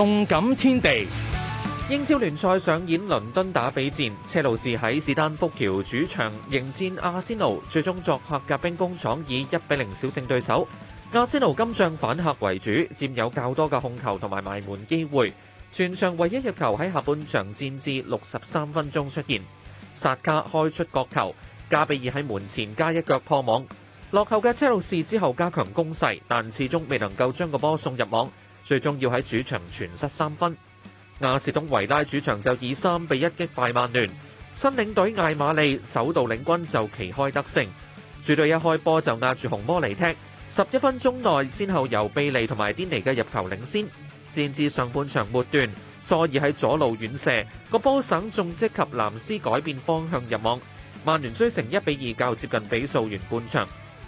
動感天地，英超聯賽上演倫敦打比戰，車路士喺史丹福橋主場迎戰阿仙奴，最終作客嘅兵工廠以一比零小勝對手。阿仙奴今仗反客為主，佔有較多嘅控球同埋埋門機會，全場唯一入球喺下半場戰至六十三分鐘出現，薩卡開出角球，加比爾喺門前加一腳破網。落後嘅車路士之後加強攻勢，但始終未能夠將個波送入網。最終要喺主場全失三分。阿士東維拉主場就以三比一擊敗曼聯。新領隊艾瑪利首度領軍就旗開得勝。主隊一開波就壓住紅魔嚟踢。十一分鐘內，先後由貝利同埋迪尼嘅入球領先。戰至上半場末段，索爾喺左路遠射，個波省中即及藍斯改變方向入網。曼聯追成一比二較接近比數完半場。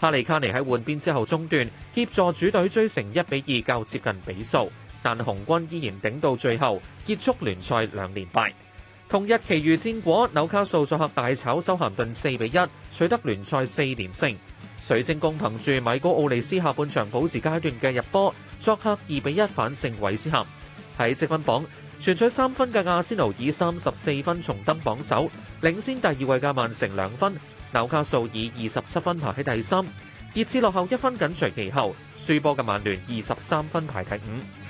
哈利卡尼喺換邊之後中段，協助主隊追成一比二，較接近比數，但紅軍依然頂到最後，結束聯賽兩連敗。同日，其餘戰果，紐卡素作客大炒修咸頓四比一，取得聯賽四連勝。水晶宮憑住米高奧利斯下半場補時階段嘅入波，作客二比一反勝韋斯咸。喺積分榜，全取三分嘅阿仙奴以三十四分重登榜首，領先第二位嘅曼城兩分。紐卡素以二十七分排喺第三，熱刺落後一分緊隨其後，輸波嘅曼聯二十三分排第五。